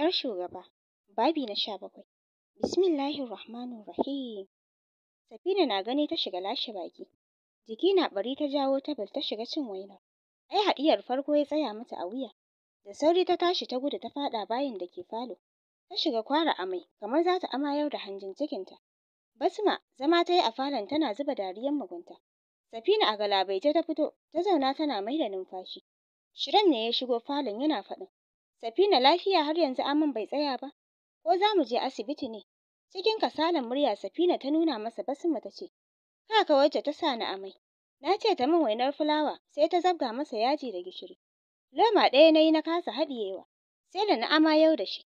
'Yar shugaba, babi na sha bakwai. Bismillahi Rahim. Safina na gani ta shiga lashe baki. Jiki na bari ta jawo tabal ta shiga cin waina Ai haɗiyar farko ya tsaya mata a wuya. Da sauri ta tashi ta gudu ta faɗa bayin da ke falo. Ta shiga kwara mai, kamar za ta amayar da hanjin cikinta. Basma zama ta yi a falon tana zuba dariyar mugunta. Safina a galabaice ta fito ta zauna tana mai da numfashi. Shirin ne ya shigo falon yana faɗin Safina lafiya har yanzu aman bai tsaya ba? Ko za mu je asibiti ne? Cikin kasalan murya Safina ta nuna masa Basma ta ce, ka wacce ta sa ni amai. Na ce ta min wainar fulawa sai ta zabga masa yaji da gishiri. Loma ɗaya nayi na kasa haɗiyewa. Sai da na ama yau da shi.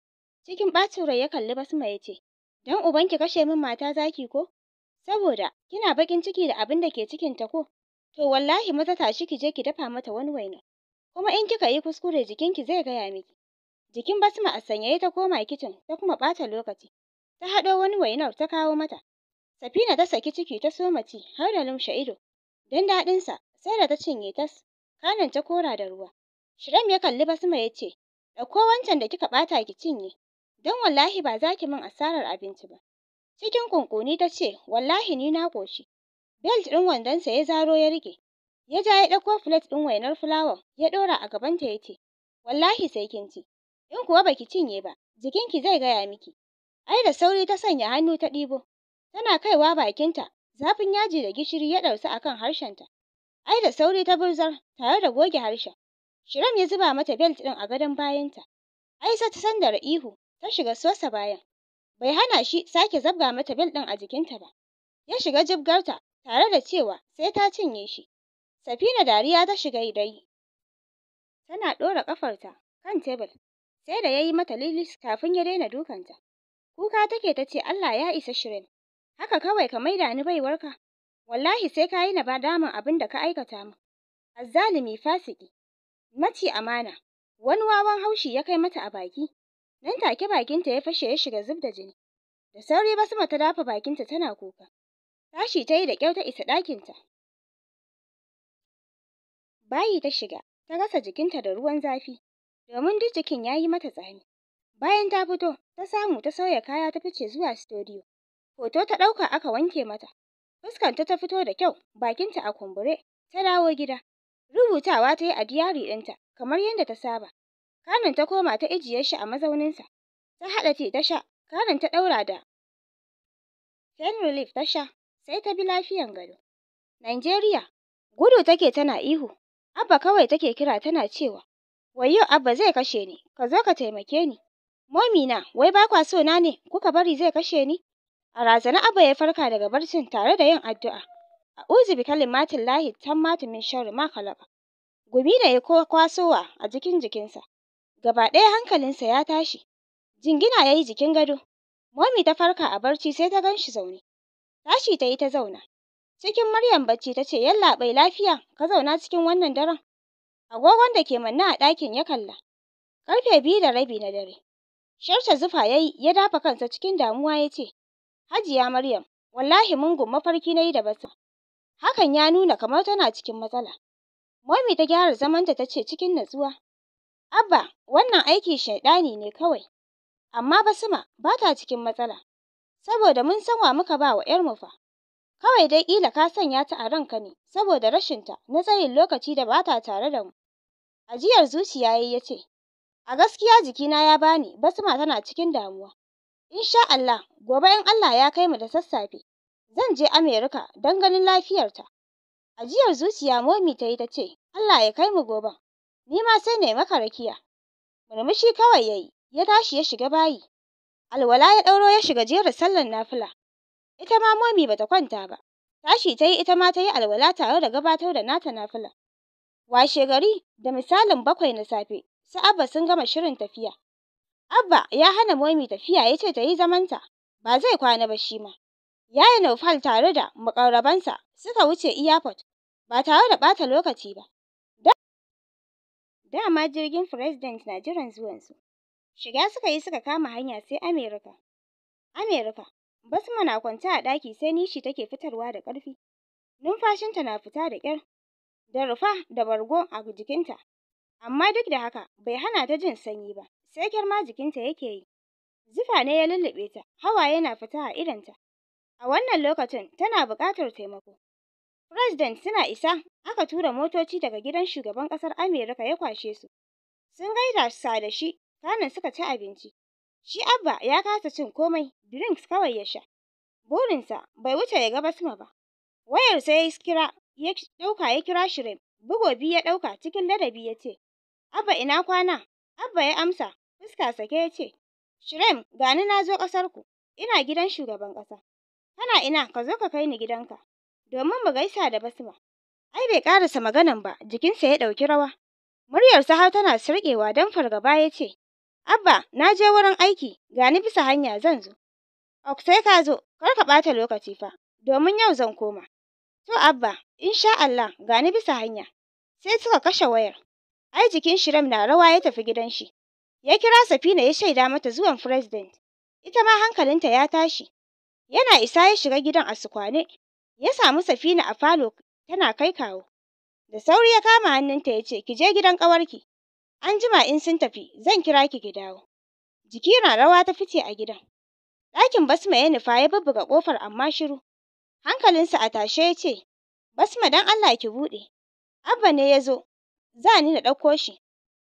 Cikin ɓacin rai ya kalli Basma ya ce, Don ubanki kashe min mata zaki ko? Saboda kina baƙin ciki da abin da ke cikinta ko? To wallahi maza tashi ki je ki dafa mata wani waina. Kuma in kika yi kuskure jikinki zai gaya miki. Jikin Basma a sanyaye ta koma kicin ta kuma ɓata lokaci. Ta haɗo wani wainar ta kawo mata. Safina ta saki ciki ta soma ci har da lumshe ido. Don daɗinsa sai da ta cinye tas, kanan ta kora da ruwa. Shiram ya kalli Basma ya ce, ɗauko wancan da kika ɓata ki cinye, don wallahi ba za ki min asarar abinci ba. Cikin kunkuni ta ce, wallahi ni na ƙoshi. Belt ɗin wandonsa ya zaro ya rike. Ya ja ya ɗauko filet ɗin wainar fulawa ya ɗora a gabanta ya ce, wallahi sai kin ci. in kuwa baki cinye ba jikinki zai gaya miki ai da sauri ta sanya hannu ta ɗibo tana kaiwa bakinta zafin yaji da gishiri ya ɗausu akan harshenta ai da sauri ta burzar tare da goge harshen shiram ya zuba mata belt ɗin a gadon bayanta aisa ta sandara ihu ta shiga sosa bayan bai hana shi sake zabga mata belt ɗin a jikinta ba ya shiga jibgarta tare da cewa sai ta cinye shi safina dariya ta shiga idai. tana ɗora ƙafarta kan tebur sai da ya yi mata lilis kafin ya daina dukanta kuka take ce Allah ya isa shirin haka kawai ka maida ni baiwarka wallahi sai ka yi na ba damar abin da ka aikata min azzalimi fasiki mati amana wani wawan haushi ya kai mata a baki nan take bakinta ya fashe ya shiga zub da jini da sauri ba sama ta dafa bakinta tana kuka tashi ta yi da kyau ta isa ɗakinta bayi ta shiga ta gasa jikinta da ruwan zafi domin duk jikin ya yi mata tsami. Bayan ta fito, ta samu ta sauya kaya ta fice zuwa studio. Hoto ta ɗauka aka wanke mata. Fuskanta ta fito da kyau, bakinta a kumbure, ta dawo gida. Rubutawa ta yi a diyari ɗinta, kamar yadda ta saba. Kanin ta koma ta ijiye shi a mazauninsa. Ta haɗa ce ta sha, kanin ta ɗaura da Pain relief ta sha, sai ta bi lafiyan gado. Nigeria, gudu take tana ihu, Abba kawai take kira tana cewa, wayyo abba zai kashe ni ka zo ka taimake ni momi na wai ba kwa so ne kuka bari zai kashe ni a razana abba ya farka daga barcin tare da yin addu'a uzu bi kalimatin lahi tammatu min sharri ma khalaqa gumi da ya kwasowa a jikin jikinsa gaba ɗaya hankalinsa ya tashi jingina yayi jikin gado momi ta farka a barci sai ta ganshi zaune tashi ta yi ta zauna cikin maryam bacci ta ce yallaɓai lafiya ka zauna cikin wannan daren agogon da ke manne a ɗakin ya kalla karfe biyu da rabi na dare sharta zufa yayi ya dafa kansa cikin damuwa ya ce hajiya maryam wallahi mungun mafarki na yi da basa hakan ya nuna kamar tana cikin matsala momi ta gyara zamanta ta ce cikin natsuwa abba wannan aiki shaiɗani ne kawai amma basma ba ta cikin matsala saboda mun san wa muka ba wa 'yarmu fa kawai dai ƙila ka sanya ta a ranka ne saboda rashinta na tsayin lokaci da ba ta tare da mu Ajiyar zuciya yayi ya ce, A gaskiya jikina ya bani, Basma tana cikin damuwa. Insha Allah, gobe in Allah ya kai mu da sassafe, zan je Amerika don ganin lafiyarta. Ajiyar zuciya Momi tayi yi ta ce, Allah ya kai mu gobe. Ni ma sai ne maka rakiya. Murmushi kawai yayi ya tashi ya shiga bayi. Alwala ya ɗauro ya shiga jerin sallar nafila. Ita ma Momi bata kwanta ba. Tashi tayi ita ma tayi alwala tare da gabatar da nata nafila. Washe gari da misalin bakwai na safe su Abba sun gama shirin tafiya. Abba ya hana Momi tafiya ya ce ta yi zamanta ba zai kwana ba shi ma. Yaya Naufal tare da makarabansa suka wuce iyafot, ba tare da bata lokaci ba. Dama jirgin President na jiran zuwansu. Shiga suka yi suka kama hanya sai Amerika. Amerika, Basma na kwanta a ɗaki sai nishi take fitarwa da ƙarfi. Numfashinta na fita da kyar. da rufa da bargo a jikinta amma duk da haka bai hana ta jin sanyi ba sai girma jikinta yake yi zufa ne ya lullube ta hawa yana fita a idonta a wannan lokacin tana buƙatar taimako president suna isa aka tura motoci daga gidan shugaban ƙasar Amerika ya kwashe su sun gaida sa da shi kanin suka ci abinci shi abba ya kasa cin komai drinks kawai ya sha burinsa bai wuce ya ga basma ba wayar sai ya kira ya ɗauka ya kira Shirem. Bugo biyu ya ɗauka cikin ladabi ya ce, Abba ina kwana? Abba ya amsa, fuska sake ya ce, Shirem gani na zo ƙasarku, ina gidan shugaban ƙasa. Kana ina ka zo ka kai ni gidanka, domin mu gaisa da Basma. Ai bai ƙarasa maganan ba, jikinsa ya ɗauki rawa. Muryarsa har tana sirƙewa don fargaba ya ce, Abba, na je wurin aiki, gani bisa hanya zan zo. Ok sai ka zo, kar ka ɓata lokaci fa, domin yau zan koma. To Abba, insha Allah ga ni bisa hanya. Sai suka kashe wayar. Ai jikin Shiram na rawa ya tafi gidan shi. Ya kira Safina ya shaida mata zuwan president. Ita ma hankalinta ya tashi. Yana isa ya shiga gidan a sukwane. Ya samu Safina a falo tana kai kawo. Da sauri ya kama hannunta ya ce, Ki je gidan ƙawarki. An jima in sun tafi, zan kira ki ki dawo. Jiki na rawa ta fice a gidan. Ɗakin Basma ya nufa ya bubbuga ƙofar amma shiru. Hankalinsa a tashe ya ce, Basma don Allah ki buɗe, Abba ne ya zo, za ni na ɗauko shi.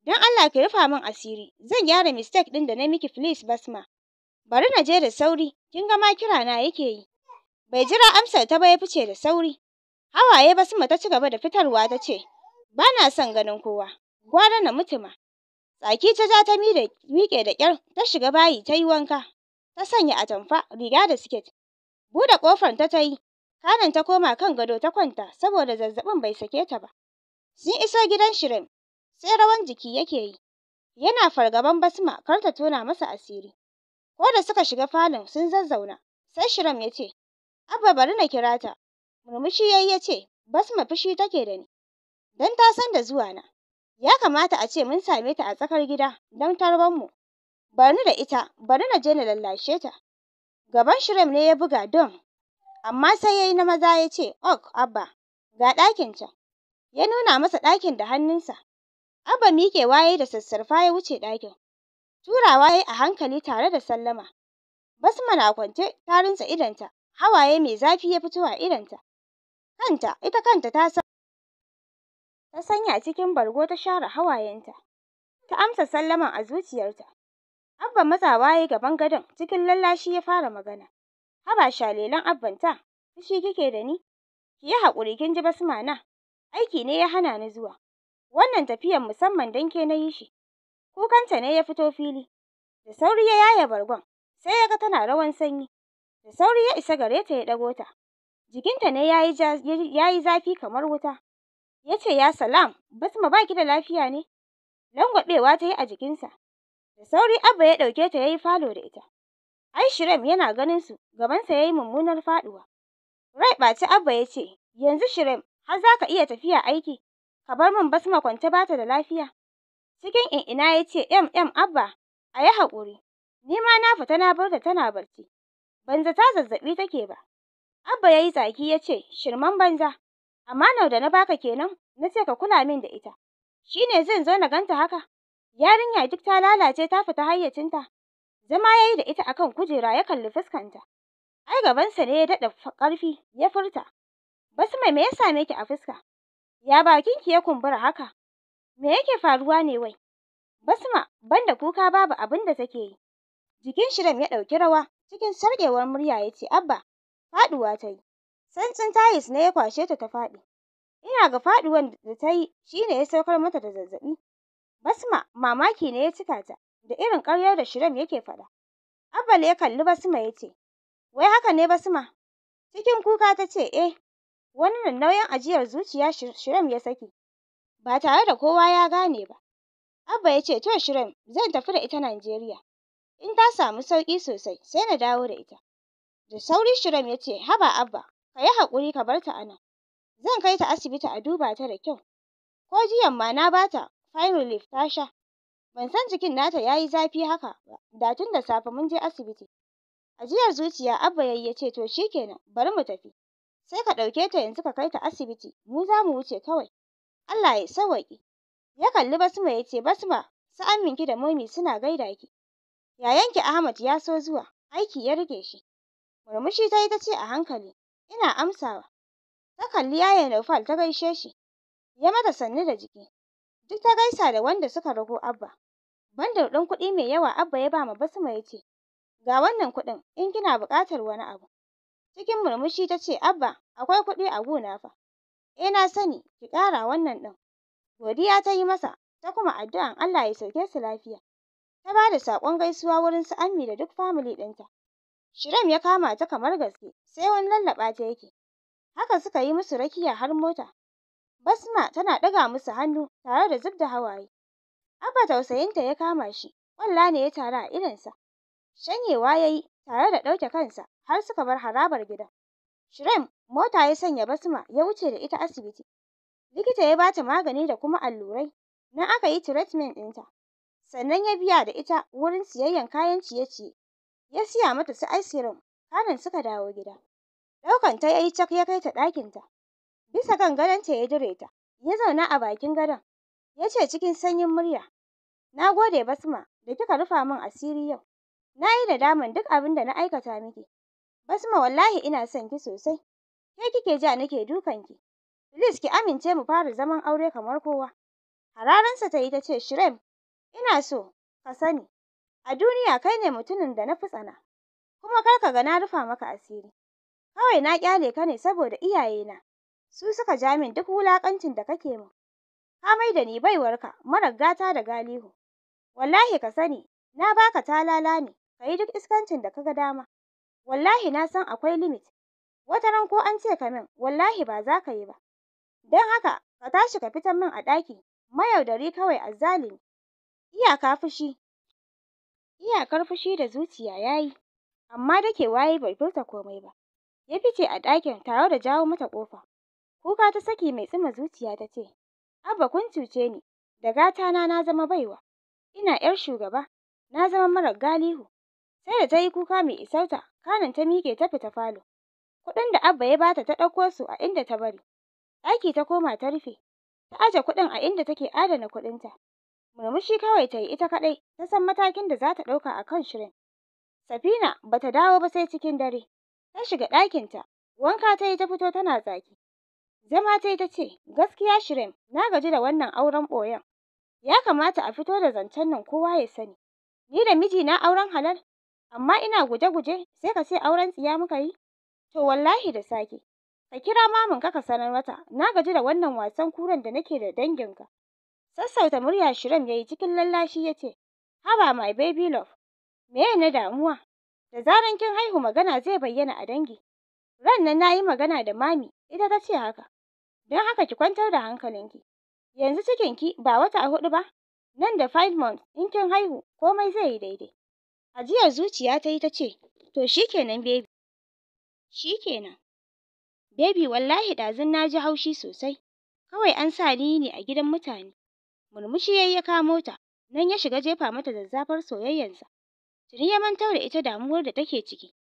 Don Allah ki rufa min asiri, zan gyara mistake ɗin da na miki please Basma. Bari na je da sauri, kin ga ma kira na yake yi. Bai jira amsar ta ba ya fice da sauri. Hawaye Basma ta ci gaba da fitarwa ta ce, Ba na son ganin kowa, gwara na mutuma. Tsaki ta ja ta miƙe da ƙyar, ta shiga bayi ta yi wanka, ta sanya atamfa, riga da siket. Buɗe ƙofar ta ta yi, Kanin ta koma kan gado ta kwanta saboda zazzaɓin bai sake ta ba. Sun iso gidan shirim sai rawan jiki yake yi. Yana fargaban Basma kar ta tona masa asiri. Ko da suka shiga falon sun zazzauna, sai Shirin ya ce, Abba bari na kira ta. Murmushi ya yi ya ce, Basma fushi take da ni. Don ta san da zuwa na. Ya kamata a ce mun same ta a tsakar gida don tarban mu. Bari da ita, bari na je na lallashe ta. Gaban shirim ne ya buga don, amma sai ya yi na maza ya ce, "Ok, Abba, ga ɗakin can." Ya nuna masa ɗakin da hannunsa. Abba mike waye da sassarfa ya wuce ɗakin. Turawa ya a hankali tare da sallama. Basma na kwance ta rinsa idonta, hawaye mai zafi ya fito a idonta. Kanta, ita kanta ta san. Ta sanya cikin bargo ta share hawayenta. Ta amsa sallaman a zuciyarta. Abban matsawa yayi gaban gadon cikin lallashi ya fara magana. "Haba shalelan ta? fushi kike da ni? Ki yi haƙuri kin ji Basma na, aiki ne ya hana ni zuwa. Wannan tafiyan musamman don ke na yi shi." Kukanta ne ya fito fili. Da sauri ya yaye bargon, sai ya ga tana rawan sanyi. Da sauri ya isa gare ta ya ɗago ta. Jikinta ne ya yi zafi kamar wuta. Ya ce, "Ya salam, Basma ba ki da lafiya ne?" Langwaɓewa ta yi a jikinsa. Da sauri Abba ya ɗauke ta ya yi falo da ita. shirem yana ganin su, gabansa ya yi mummunar faɗuwa. Rai ɓaci Abba ya ce, yanzu Shirem, har za ka iya tafiya aiki, ka bar min Basma kwance ba ta da lafiya. Cikin in'ina ya ce, "Em em Abba, a yi haƙuri, ni ma na fita na bar ta tana barci, ban ta zazzaɓi take ba. Abba yayi yi tsaki ya ce, shirman banza, Amma amanar da na baka kenan, na ce ka kula min da ita, shi ne zan zo na ganta haka. Yarinya duk ta lalace ta fita hayyacinta. Zama yayi da ita akan kujera ya kalli fuskanta. Ai gabansa ne ya daɗa ƙarfi ya furta. Basma me ya same ki a fuska? Ya bakinki ya kumbura haka? Me yake faruwa ne wai? Basma banda kuka babu abin da take yi. Jikin Shiram ya ɗauki rawa cikin sarƙewar murya ya ce Abba faɗuwa ta yi. Santsin tayis ne ya kwashe ta ta faɗi. Ina ga faɗuwan da ta yi shi ne ya saukar mata da zazzaɓi. Basma mamaki ne ya cika ta da irin ƙaryar da Shirem yake faɗa. Abbal ya kalli Basma ya ce, "Wai haka ne Basma?" Cikin kuka ta ce, "Eh." Wani nauyin ajiyar zuciya Shirem ya saki, ba tare da kowa ya gane ba. Abba ya ce, "To Shirem, zan tafi da ita Najeriya. In ta samu sauƙi sosai, sai na dawo da ita." Da sauri Shirem ya ce, "Haba Abba, ka yi haƙuri ka bar ta a nan. Zan kai ta asibiti a duba ta da kyau. Ko jiyan ma na ba ta Fine ta sha. Ban san jikin nata yayi zafi haka ba, da tun da safe mun je asibiti. Ajiyar zuciya Abba ya ce to shi kenan bari mu tafi. Sai ka ɗauke ta yanzu ka kai ta asibiti, mu za mu wuce kawai. Allah ya sawwaƙe. Ya kalli Basma ya ce Basma, su aminki da momi suna gaida ki. Yayanki Ahmad ya so zuwa, aiki ya rike shi. Murmushi ta yi ta ce a hankali, ina amsawa. Ta kalli yayan Naufal ta gaishe shi, ya mata sannu da jiki. Duk ta gaisa da wanda suka rago Abba. da ɗin kuɗi mai yawa Abba ya bama ma Basma ya ce, Ga wannan kuɗin in kina buƙatar wani abu. Cikin murmushi ta ce, Abba, akwai kuɗi a gona fa. Eh na sani, ki ƙara wannan ɗin. Godiya ta yi masa, ta kuma addu'an Allah ya sauke su lafiya. Ta ba da saƙon gaisuwa wurin su Ammi da duk famili ɗinta. Shiram ya kama ta kamar gaske, sai wani lallaɓa ta yake. Haka suka yi musu rakiya har mota, Basma tana ɗaga musu hannu tare da zub hawaye. Abba tausayinta ya kama shi, ƙwalla ne ya taru a idonsa. Shanyewa ya yi tare da ɗauke kansa har suka bar harabar gidan. Shrem mota ya sanya Basma ya wuce da ita asibiti. Likita ya bata magani da kuma allurai. Nan aka yi ɗin ɗinta. Sannan ya biya da ita wurin siyayyan kayan ciye-ciye. Ya siya mata su ice cream, kafin suka dawo gida. Ɗaukanta ya yi cak ya kai ta ɗakinta. bisa kan gadon gadonta ya dire ta ya zauna a bakin gadon ya ce cikin sanyin murya na gode basma da kika rufa min asiri yau na yi daman duk abin da na aikata miki basma wallahi ina son ki sosai ke kike ja nake dukan ki Liz, ki amince mu fara zaman aure kamar kowa hararansa ta yi ta ce shirem ina so ka sani a duniya kai ne mutumin da na fi tsana kuma kar ka ga na rufa maka asiri kawai na kyale ka ne saboda iyayena Su suka ja min duk wulaƙancin da kake min. Ka mai da ni baiwarka marar gata da galihu. Wallahi ka sani, na baka talala ne, ka yi duk iskancin da ka ga dama. Wallahi na san akwai limit. Wata ran ko an ce ka min, wallahi ba za ka yi ba. Don haka, ka tashi ka fitar min a ɗaki, mayaudari kawai azzalimi. Iyaka fushi. Iyakar fushi da zuciya ya yi, amma dake waye bai furta komai ba. Ya fice a ɗakin tare da jawo mata ƙofa. Kuka ta saki mai tsima zuciya ta ce, Abba kun cuce ni, da gata na na zama baiwa, ina 'yar shugaba, na zama marar galihu. Sai da ta yi kuka mai isauta, kanin ta miƙe ta fita falo. Kuɗin da Abba ya bata ta ɗauko su a inda ta bari. Ɗaki ta koma ta rufe, ta aje kuɗin a inda take adana kuɗinta. Murmushi kawai ta yi ita kaɗai, ta san matakin da za ta ɗauka a kan shirin. Safina ba ta dawo ba sai cikin dare. Ta shiga ɗakinta, wanka ta yi ta fito tana zaki. Zama tai ta ce, "Gaskiya shirim, na gaji da wannan auren ɓoyen. Ya kamata a fito da zancen nan kowa ya sani. Ni da mijina auren halal, amma ina guje-guje sai ka ce auren tsiya muka yi. To wallahi da sake. Ka kira mamin ka ka sanar mata, na gaji da wannan wasan kuran da nake da danginka." Sassauta murya ya yi cikin lallashi ya ce, "Haba my baby love, meye na damuwa? Da zaran kin haihu magana zai bayyana a dangi." Ran nan na yi magana da mami, ita ta ce haka. don haka ki kwantar da hankalinki yanzu cikinki ba wata hudu ba nan da five months in kin haihu komai zai yi daidai ajiyar zuciya ta yi ta ce to shikenan baby shikenan baby wallahi ɗazun na ji haushi sosai kawai an sa ni ne a gidan mutane murmushi yi ya kamo ta nan ya shiga jefa mata zazzafar soyayyarsa tuni ya mantar da ita damuwar da take ciki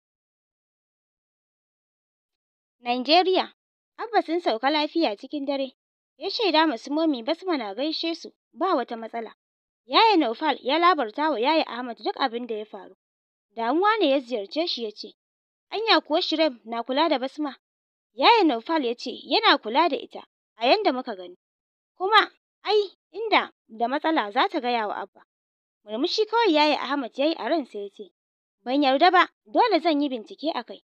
Nigeria Abba sun sauka lafiya cikin dare. Ya shaida masu momi Basma na gaishe su ba wata matsala. Yaya Naufal ya labarta wa Yaya Ahmad duk abin da ya faru. Damuwa ne ya ziyarce shi ya ce, Anya kuwa Shirem na kula da Basma? Yaya Naufal ya ce yana kula da ita a yanda muka gani. Kuma ai inda da matsala za ta gaya wa Abba. Murmushi kawai Yaya Ahmad ya yi a ransa ya ce, Ban yarda ba, dole zan yi bincike a kai.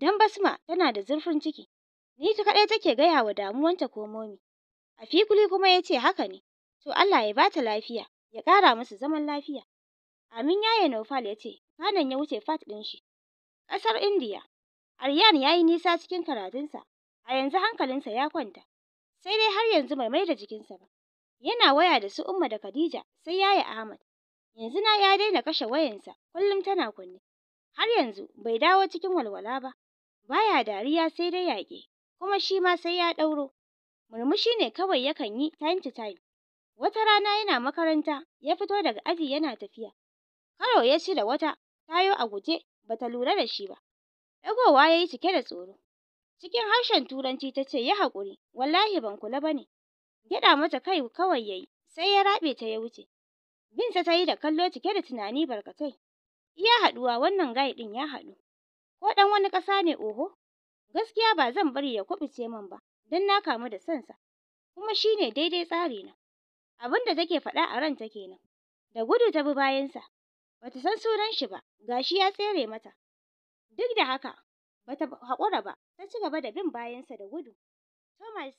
Don Basma tana da zurfin ciki. Ni ta kaɗai take gaya wa damuwanta ko Momi. Afikuli kuma ya ce haka ne, to Allah ya bata lafiya, ya ƙara musu zaman lafiya. Amin yaye nofal ya ce, kanan ya wuce fat din shi. Ƙasar India. Aryan yayi nisa cikin karatunsa, a yanzu hankalinsa ya kwanta, sai dai har yanzu bai mai da jikinsa ba. Yana waya da su Umma da Khadija sai Yaya Ahmad. Yanzu na ya daina kashe wayansa, kullum tana kunne. Har yanzu bai dawo cikin walwala ba. Baya dariya sai dai yaƙe. kuma shi ma sai ya ɗauro murmushi ne kawai yakan yi time to time wata rana yana makaranta ya fito daga aji yana tafiya karo ya ci da wata tayo a guje bata lura da shi ba ɗagowa yi cike da tsoro cikin harshen turanci ta ce ya haƙuri wallahi ban kula ba ne. gyaɗa mata kai kawai ya yi, sai ya raɓe ta ya wuce Binta ta yi da kallo cike da tunani barkatai. Iya haɗuwa wannan gai ɗin ya haɗu. Ko ɗan wani ƙasa ne oho, gaskiya ba zan bari ya kubuce min ba don na kamu da sansa kuma shine daidai tsari na da take faɗa a ranta kenan da gudu ta bi bayansa bata san sunan shi ba gashi ya tsere mata duk da haka bata haƙura ba ta ci gaba da bin bayansa da gudu Thomas